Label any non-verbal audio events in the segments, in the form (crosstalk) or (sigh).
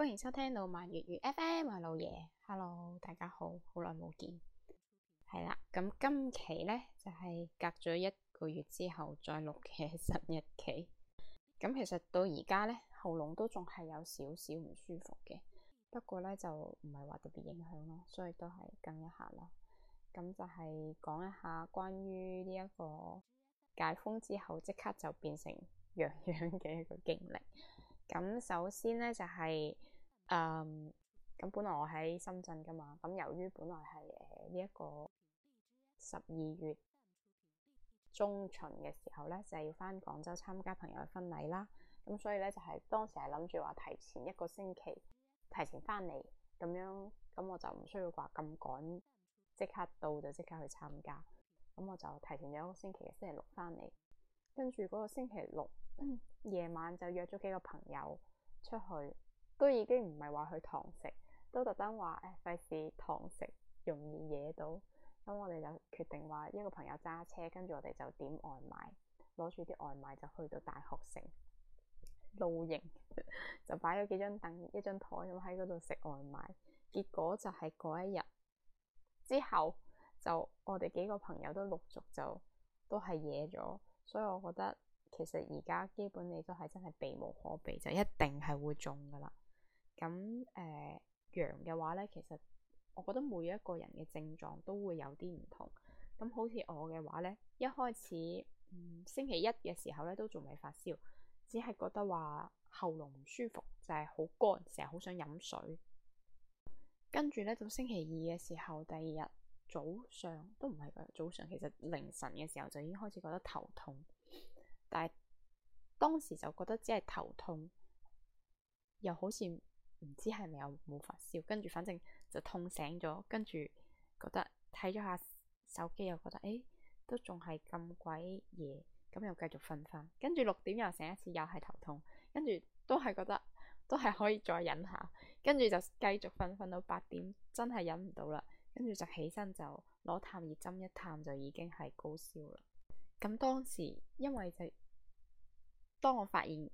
歡迎收聽 M，老萬粵語 FM，我係老爺，Hello，大家好，好耐冇見，係啦、嗯，咁今期咧，就係、是、隔咗一個月之後再錄嘅新日期，咁其實到而家咧，喉嚨都仲係有少少唔舒服嘅，不過咧，就唔係話特別影響咯，所以都係跟一下啦，咁就係講一下關於呢一個解封之後即刻就變成羊羊嘅一個經歷，咁首先咧就係、是。嗯，咁、um, 本來我喺深圳噶嘛，咁由於本來係誒呢一個十二月中旬嘅時候咧，就係、是、要翻廣州參加朋友嘅婚禮啦。咁所以咧就係、是、當時係諗住話提前一個星期提前翻嚟，咁樣咁我就唔需要話咁趕即刻到就即刻去參加。咁我就提前咗一個星期嘅星期六翻嚟，跟住嗰個星期六夜、嗯、晚就約咗幾個朋友出去。都已經唔係話去堂食，都特登話誒費事堂食容易惹到，咁我哋就決定話一個朋友揸車，跟住我哋就點外賣，攞住啲外賣就去到大學城露營， (laughs) 就擺咗幾張凳、一張台咁喺嗰度食外賣。結果就係嗰一日之後，就我哋幾個朋友都陸續就都係惹咗，所以我覺得其實而家基本你都係真係避無可避，就一定係會中噶啦。咁誒陽嘅話咧，其實我覺得每一個人嘅症狀都會有啲唔同。咁好似我嘅話咧，一開始、嗯、星期一嘅時候咧都仲未發燒，只係覺得話喉嚨唔舒服，就係好乾，成日好想飲水。跟住咧到星期二嘅時候，第二日早上都唔係早上，其實凌晨嘅時候就已經開始覺得頭痛，但係當時就覺得只係頭痛，又好似～唔知係咪有冇發燒，跟住反正就痛醒咗，跟住覺得睇咗下手機又覺得，誒都仲係咁鬼夜，咁又繼續瞓返。跟住六點又醒一次，又係頭痛，跟住都係覺得都係可以再忍下，跟住就繼續瞓，瞓到八點，真係忍唔到啦。跟住就起身就攞探熱針一探，就已經係高燒啦。咁當時因為就當我發現。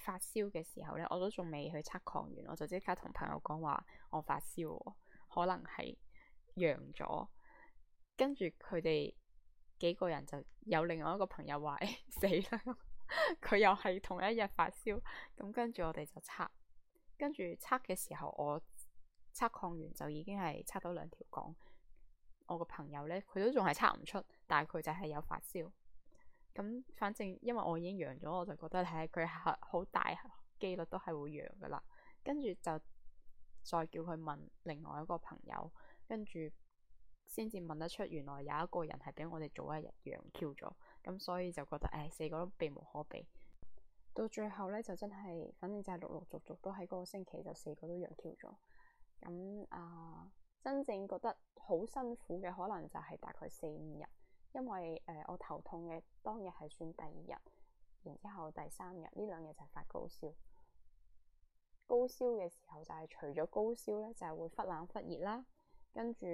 發燒嘅時候呢，我都仲未去測抗原，我就即刻同朋友講話我發燒，可能係陽咗。跟住佢哋幾個人就有另外一個朋友話：哎，死啦！佢又係同一日發燒。咁跟住我哋就測，跟住測嘅時候我測抗原就已經係測到兩條槓。我個朋友呢，佢都仲係測唔出，但係佢就係有發燒。咁反正，因為我已經陽咗，我就覺得誒，佢好大機率都係會陽㗎喇。跟住就再叫佢問另外一個朋友，跟住先至問得出，原來有一個人係比我哋早一日陽 Q 咗。咁所以就覺得誒，四個都避無可避。到最後咧，就真係，反正就係陸陸續續，續都喺嗰個星期就四個都陽 Q 咗。咁啊、呃，真正覺得好辛苦嘅，可能就係大概四五日。因為誒、呃，我頭痛嘅當日係算第二日，然之後第三日呢兩日就係發高燒。高燒嘅時候就係、是、除咗高燒咧，就係、是、會忽冷忽熱啦，跟住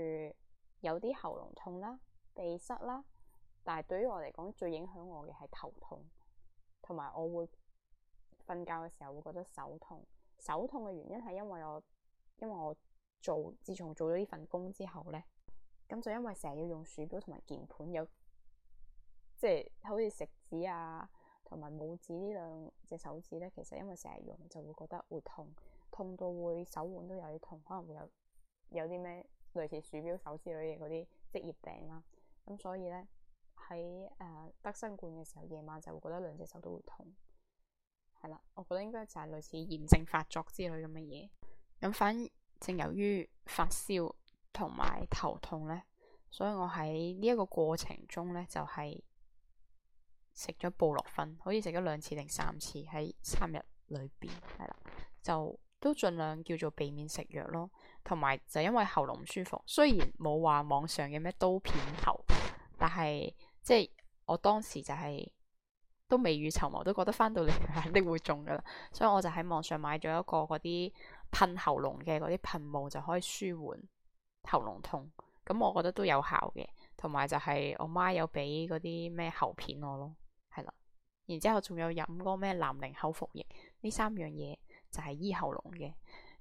有啲喉嚨痛啦、鼻塞啦。但係對於我嚟講，最影響我嘅係頭痛，同埋我會瞓覺嘅時候會覺得手痛。手痛嘅原因係因為我因為我做自從做咗呢份工之後咧，咁就因為成日要用鼠標同埋鍵盤，有即係好似食指啊同埋拇指呢兩隻手指咧，其實因為成日用就會覺得會痛，痛到會手腕都有啲痛，可能會有有啲咩類似鼠標手之類嘅嗰啲職業病啦。咁、嗯、所以咧喺誒得新冠嘅時候，夜晚就會覺得兩隻手都會痛。係啦，我覺得應該就係類似炎症發作之類咁嘅嘢。咁 (noise) 反正由於發燒。同埋頭痛呢，所以我喺呢一個過程中呢，就係食咗布洛芬，好似食咗兩次定三次喺三日裏邊係啦，就都盡量叫做避免食藥咯。同埋就因為喉嚨唔舒服，雖然冇話網上嘅咩刀片喉，但係即係我當時就係、係、都未雨綢繆，都覺得翻到嚟肯定會中噶啦，所以我就喺網上買咗一個嗰啲噴喉嚨嘅嗰啲噴霧，就可以舒緩。喉嚨痛，咁我覺得都有效嘅，同埋就係我媽有俾嗰啲咩喉片我咯，係啦，然之後仲有飲個咩藍寧口服液，呢三樣嘢就係醫喉嚨嘅，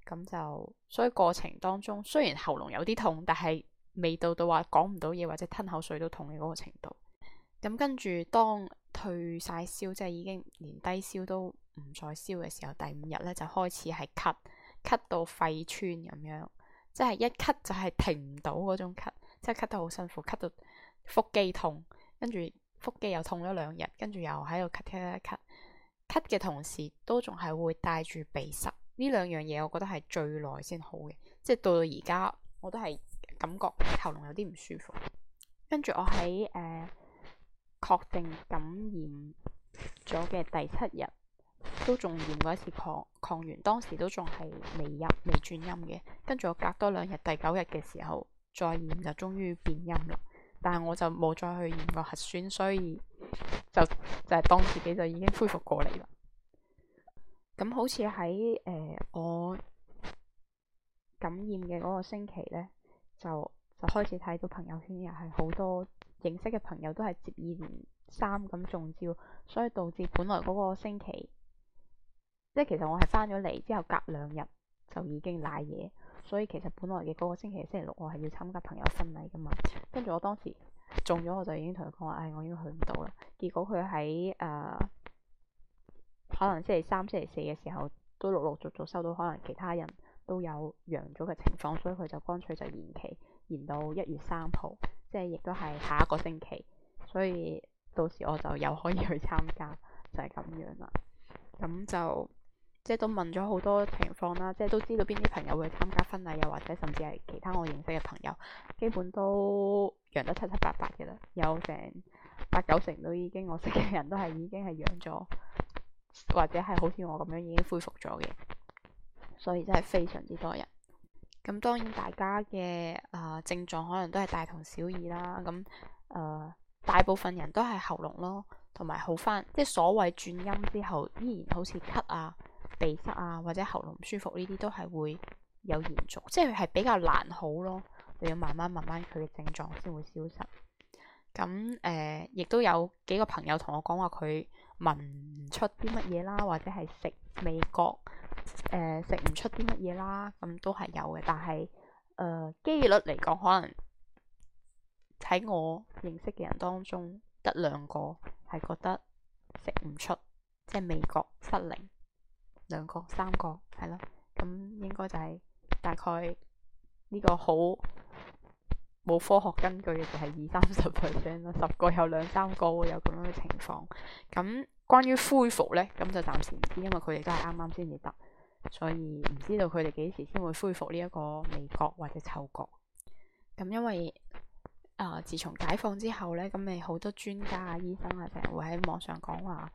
咁就所以過程當中雖然喉嚨有啲痛，但係未到到話講唔到嘢或者吞口水都痛嘅嗰個程度。咁跟住當退晒燒，即係已經連低燒都唔再燒嘅時候，第五日咧就開始係咳，咳到肺穿咁樣。.即係一咳就係停唔到嗰種咳，即係咳得好辛苦，咳到腹肌痛，跟住腹肌又痛咗兩日，跟住又喺度咳，咳一咳，咳嘅同時都仲係會帶住鼻塞，呢兩樣嘢我覺得係最耐先好嘅，即係到到而家我都係感覺喉嚨有啲唔舒服，跟住我喺誒確定感染咗嘅第七日。都仲驗過一次抗抗原，當時都仲係未入未轉陰嘅。跟住我隔多兩日，第九日嘅時候再驗就終於變陰啦。但係我就冇再去驗過核酸，所以就就係、是、當自己就已經恢復過嚟啦。咁 (laughs) 好似喺誒我感染嘅嗰個星期呢，就就開始睇到朋友圈又係好多認識嘅朋友都係接二連三咁中招，所以導致本來嗰個星期。即係其實我係翻咗嚟之後，隔兩日就已經瀨嘢，所以其實本來嘅嗰個星期星期六我係要參加朋友婚禮噶嘛，跟住我當時中咗，我就已經同佢講話，唉、哎，我已經去唔到啦。結果佢喺誒可能星期三、星期四嘅時候，都陸陸續續收到可能其他人都有陽咗嘅情況，所以佢就乾脆就延期，延到一月三號，即係亦都係下一個星期，所以到時我就又可以去參加，就係、是、咁樣啦。咁就。即係都問咗好多情況啦，即係都知道邊啲朋友會參加婚禮，又或者甚至係其他我認識嘅朋友，基本都養得七七八八嘅啦。有成八九成都已經我識嘅人都係已經係養咗，或者係好似我咁樣已經恢復咗嘅。所以真係非常之多人。咁當然大家嘅誒、呃、症狀可能都係大同小異啦。咁誒、呃、大部分人都係喉嚨咯，同埋好返，即係所謂轉陰之後依然好似咳啊。鼻塞啊，或者喉嚨唔舒服呢啲都係會有延續，即係係比較難好咯。你要慢慢慢慢佢嘅症狀先會消失。咁誒，亦、呃、都有幾個朋友同我講話，佢聞唔出啲乜嘢啦，或者係食味覺誒食唔出啲乜嘢啦，咁都係有嘅。但係誒、呃、機率嚟講，可能喺我認識嘅人當中，得兩個係覺得食唔出，即係味覺失靈。兩個、三個，係咯，咁應該就係大概呢個好冇科學根據嘅，就係二三十 percent 咯，十個有兩三個會有咁樣嘅情況。咁關於恢復咧，咁就暫時唔知，因為佢哋都係啱啱先至得，所以唔知道佢哋幾時先會恢復呢一個味覺或者嗅覺。咁因為啊、呃，自從解放之後咧，咁咪好多專家啊、醫生啊成日會喺網上講話。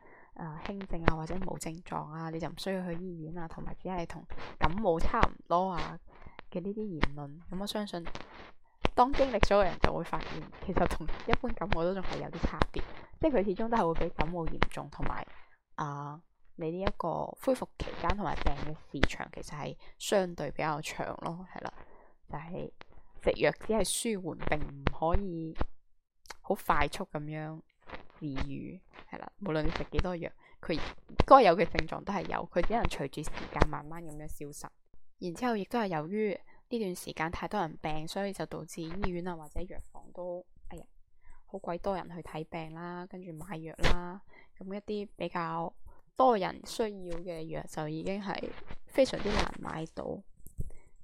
誒，輕症啊，或者冇症狀啊，你就唔需要去醫院啊，同埋只係同感冒差唔多啊嘅呢啲言論。咁我相信，當經歷咗嘅人就會發現，其實同一般感冒都仲係有啲差別，即係佢始終都係會比感冒嚴重，同埋啊，你呢一個恢復期間同埋病嘅時長，其實係相對比較長咯，係啦，就係食藥只係舒緩，並唔可以好快速咁樣。治癒係啦，無論你食幾多藥，佢該有嘅症狀都係有，佢只能隨住時間慢慢咁樣消失。然之後亦都係由於呢段時間太多人病，所以就導致醫院啊或者藥房都哎呀好鬼多人去睇病啦，跟住買藥啦，咁一啲比較多人需要嘅藥就已經係非常之難買到。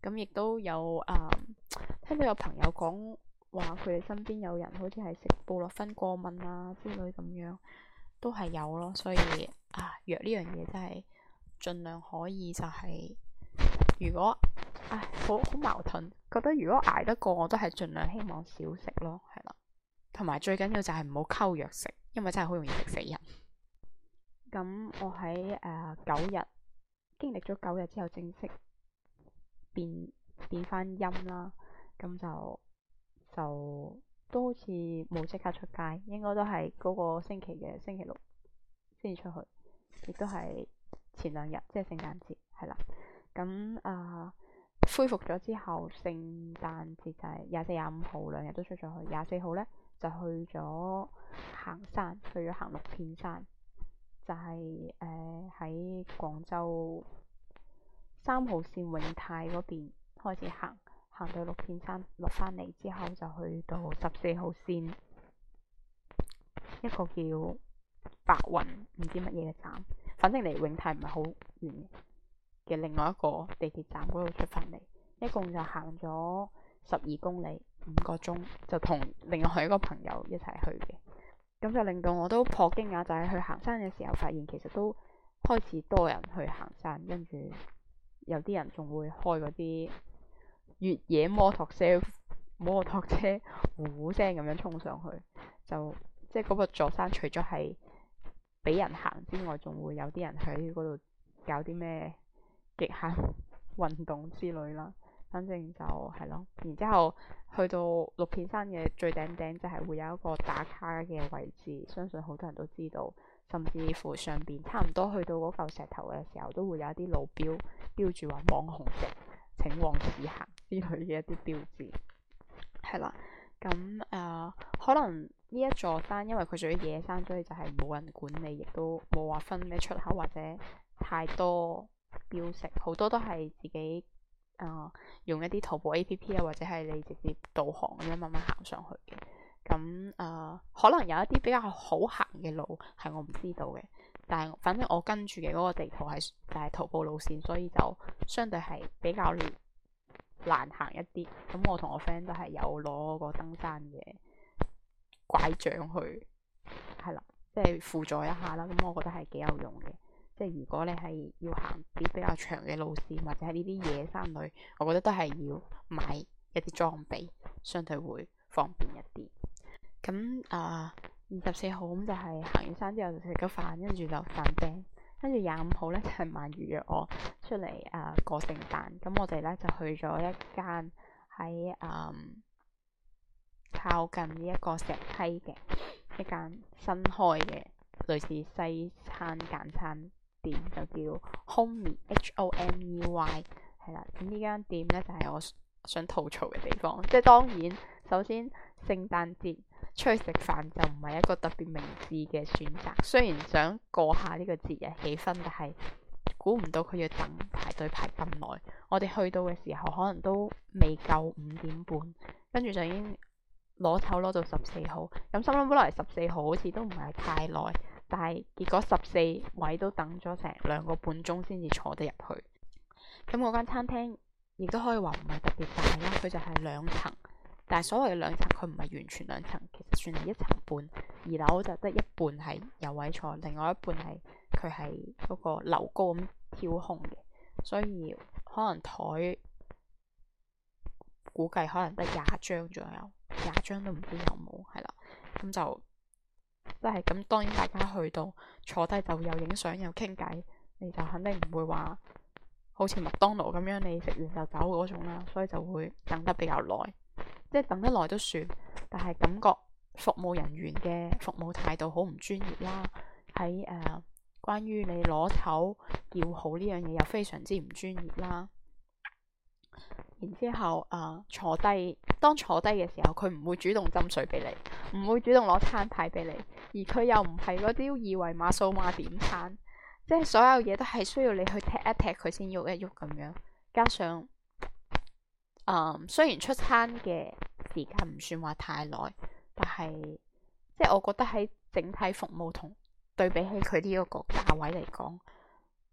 咁亦都有啊，嗯，聽到有朋友講。話佢哋身邊有人好似係食布洛芬過敏啊之類咁樣，都係有咯。所以啊，藥呢樣嘢真係盡量可以就係、是，如果唉好好矛盾，覺得如果捱得過，我都係盡量希望少食咯，係啦。同埋最緊要就係唔好溝藥食，因為真係好容易食死人。咁我喺誒九日經歷咗九日之後，正式變變翻陰啦，咁就。就都好似冇即刻出街，應該都係嗰個星期嘅星期六先出去，亦都係前兩、呃、日，即係聖誕節係啦。咁啊，恢復咗之後，聖誕節就係廿四、廿五號兩日都出咗去。廿四號咧就去咗行山，去咗行六片山，就係誒喺廣州三號綫永泰嗰邊開始行。行到六片山落翻嚟之後，就去到十四號線一個叫白雲唔知乜嘢嘅站，反正離永泰唔係好遠嘅。另外一個地鐵站嗰度出翻嚟，一共就行咗十二公里，五個鐘就同另外一個朋友一齊去嘅。咁就令到我都頗驚訝，就係、是、去行山嘅時候發現，其實都開始多人去行山，跟住有啲人仲會開嗰啲。越野摩托車，摩托車呼呼聲咁樣衝上去，就即係嗰個座山除咗係俾人行之外，仲會有啲人喺嗰度搞啲咩極限運動之類啦。反正就係咯，然之後去到六片山嘅最頂頂，就係會有一個打卡嘅位置，相信好多人都知道。甚至乎上邊差唔多去到嗰嚿石頭嘅時候，都會有一啲路標標住話網紅石，請往此行。之類嘅一啲標誌，係啦，咁誒、呃，可能呢一座山，因為佢屬於野山，所以就係冇人管理，亦都冇話分咩出口或者太多標識，好多都係自己誒、呃、用一啲徒步 A P P 啊，或者係你直接導航咁樣慢慢行上去嘅。咁誒、呃，可能有一啲比較好行嘅路係我唔知道嘅，但係反正我跟住嘅嗰個地圖係就係、係、徒步路線，所以就相對係比較亂。難行一啲，咁我同我 friend 都係有攞個登山嘅拐杖去，係啦，即係輔助一下啦。咁我覺得係幾有用嘅，即係如果你係要行啲比較長嘅路線，或者係呢啲野山裏，我覺得都係要買一啲裝備，相對會方便一啲。咁啊，二十四號咁就係行完山之後就食咗飯，跟住就打車。跟住廿五號咧就係萬預約我出嚟誒、呃、過聖誕，咁我哋咧就去咗一間喺誒、嗯、靠近呢一個石梯嘅一間新開嘅類似西餐簡餐店，就叫 Homey H-O-M-E-Y 係啦。咁呢、e、間店咧就係、是、我想吐槽嘅地方，即係當然首先聖誕節。出去食飯就唔係一個特別明智嘅選擇，雖然想過下呢個節日氣氛，但係估唔到佢要等排隊排咁耐。我哋去到嘅時候可能都未夠五點半，跟住就已經攞籌攞到十四號。咁心諗本來十四號好似都唔係太耐，但係結果十四位都等咗成兩個半鐘先至坐得入去。咁嗰間餐廳亦都可以話唔係特別大啦，佢就係兩層。但係所謂嘅兩層，佢唔係完全兩層，其實算係一層半。二樓就得一半係有位坐，另外一半係佢係嗰個樓高咁跳空嘅，所以可能枱估計可能得廿張左右，廿張都唔知有冇係啦。咁就即係咁，當然大家去到坐低就有影相又傾偈，你就肯定唔會話好似麥當勞咁樣，你食完就走嗰種啦。所以就會等得比較耐。即係等得耐都算，但係感覺服務人員嘅服務態度好唔專業啦。喺誒、呃，關於你攞籌要好呢樣嘢，又非常之唔專業啦。然之後誒、呃，坐低當坐低嘅時候，佢唔會主動斟水俾你，唔會主動攞餐牌俾你，而佢又唔係嗰啲二維碼掃碼點餐，即係所有嘢都係需要你去踢一踢佢先喐一喐咁樣，加上。啊，um, 雖然出餐嘅時間唔算話太耐，但係即係我覺得喺整體服務同對比起佢呢一個價位嚟講，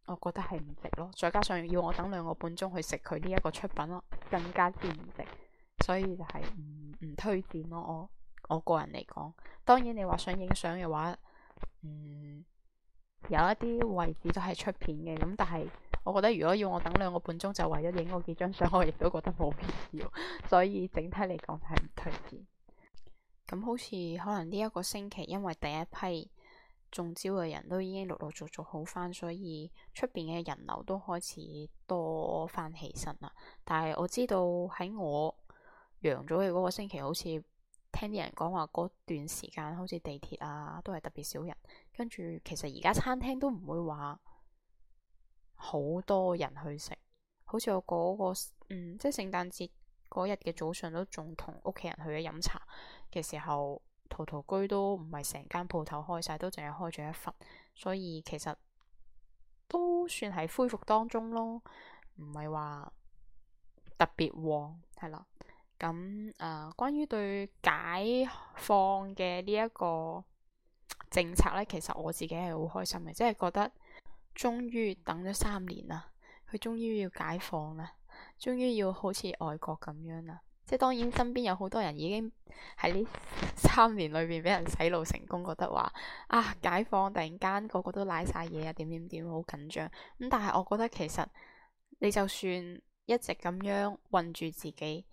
我覺得係唔值咯。再加上要我等兩個半鐘去食佢呢一個出品咯，更加之唔值。所以就係唔唔推薦咯。我我個人嚟講，當然你話想影相嘅話，嗯。有一啲位置都係出片嘅，咁但係我覺得如果要我等兩個半鐘就為咗影我幾張相，我亦都覺得冇必要，所以整體嚟講係唔推薦。咁好似可能呢一個星期，因為第一批中招嘅人都已經陸陸續續好翻，所以出邊嘅人流都開始多翻起身啦。但係我知道喺我陽咗嘅嗰個星期，好似。聽啲人講話，嗰段時間好似地鐵啊，都係特別少人。跟住其實而家餐廳都唔會話好多人去食。好似我嗰個嗯，即係聖誕節嗰日嘅早上都仲同屋企人去咗飲茶嘅時候，陶陶居都唔係成間鋪頭開晒，都淨係開咗一忽，所以其實都算係恢復當中咯，唔係話特別旺，係啦。咁誒、呃，關於對解放嘅呢一個政策呢，其實我自己係好開心嘅，即係覺得終於等咗三年啦，佢終於要解放啦，終於要好似外國咁樣啦。即係當然身邊有好多人已經喺呢三年裏面俾人洗腦成功，覺得話啊，解放突然間個個都瀨晒嘢啊，點點點好緊張咁。但係我覺得其實你就算一直咁樣困住自己。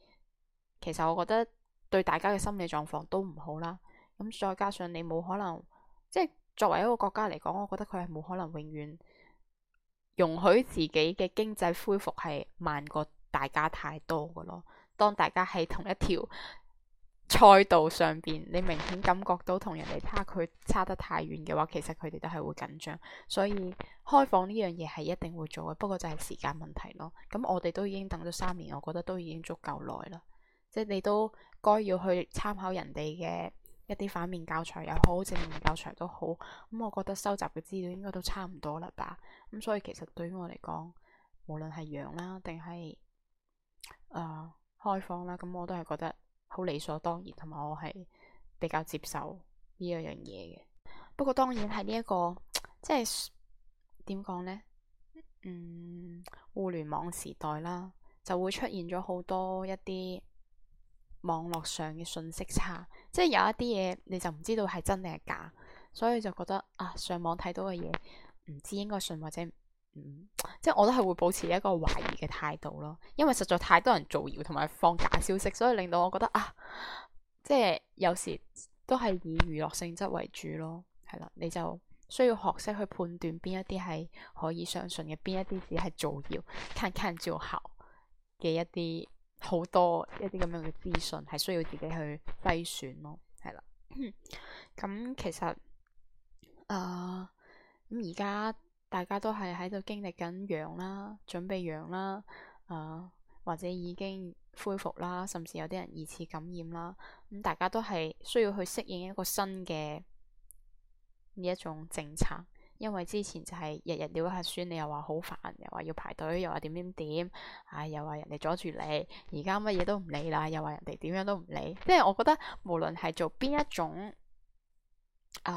其實我覺得對大家嘅心理狀況都唔好啦。咁再加上你冇可能，即係作為一個國家嚟講，我覺得佢係冇可能永遠容許自己嘅經濟恢復係慢過大家太多噶咯。當大家喺同一條賽道上邊，你明顯感覺到同人哋差距差得太遠嘅話，其實佢哋都係會緊張。所以開放呢樣嘢係一定會做嘅，不過就係時間問題咯。咁我哋都已經等咗三年，我覺得都已經足夠耐啦。即係你都該要去參考人哋嘅一啲反面教材，又好正面教材都好。咁、嗯，我覺得收集嘅資料應該都差唔多啦吧。咁、嗯、所以其實對於我嚟講，無論係羊啦，定係誒開放啦，咁、嗯、我都係覺得好理所當然，同埋我係比較接受呢一樣嘢嘅。不過當然係呢一個即係點講呢？嗯，互聯網時代啦，就會出現咗好多一啲。網絡上嘅信息差，即係有一啲嘢你就唔知道係真定係假，所以就覺得啊，上網睇到嘅嘢唔知應該信或者唔、嗯，即係我都係會保持一個懷疑嘅態度咯。因為實在太多人造謠同埋放假消息，所以令到我覺得啊，即係有時都係以娛樂性質為主咯，係啦，你就需要學識去判斷邊一啲係可以相信嘅，邊一啲只係造謠，看看照好嘅一啲。好多一啲咁樣嘅資訊係需要自己去篩選咯，係啦。咁、 (coughs) 嗯、其實啊，咁而家大家都係喺度經歷緊陽啦，準備陽啦，啊、呃、或者已經恢復啦，甚至有啲人二次感染啦。咁、嗯、大家都係需要去適應一個新嘅呢一種政策。因為之前就係日日撩下孫，你又話好煩，又話要排隊，又話點點點，唉、哎，又話人哋阻住你。而家乜嘢都唔理啦，又話人哋點樣都唔理。即係我覺得，無論係做邊一種啊、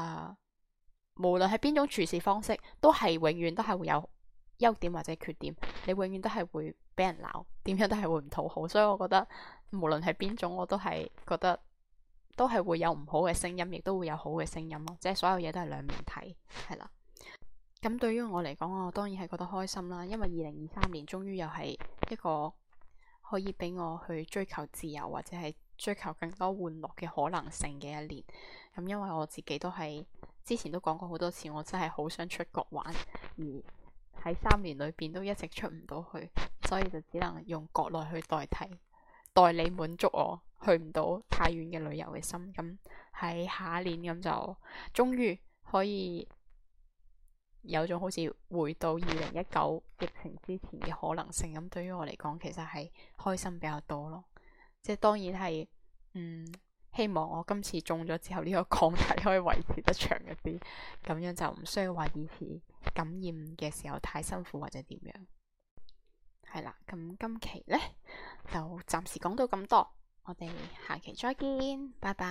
呃，無論係邊種處事方式，都係永遠都係會有優點或者缺點。你永遠都係會俾人鬧，點樣都係會唔討好。所以我覺得，無論係邊種，我都係覺得都係會有唔好嘅聲音，亦都會有好嘅聲音咯。即係所有嘢都係兩面睇，係啦。咁對於我嚟講，我當然係覺得開心啦，因為二零二三年終於又係一個可以俾我去追求自由或者係追求更多玩樂嘅可能性嘅一年。咁因為我自己都係之前都講過好多次，我真係好想出國玩，而喺三年裏邊都一直出唔到去，所以就只能用國內去代替，代理滿足我去唔到太遠嘅旅遊嘅心。咁喺下一年咁就終於可以。有種好似回到二零一九疫情之前嘅可能性，咁對於我嚟講，其實係開心比較多咯。即係當然係，嗯，希望我今次中咗之後，呢個抗體可以維持得長一啲，咁樣就唔需要話以前感染嘅時候太辛苦或者點樣。係啦，咁今期呢，就暫時講到咁多，我哋下期再見，拜拜。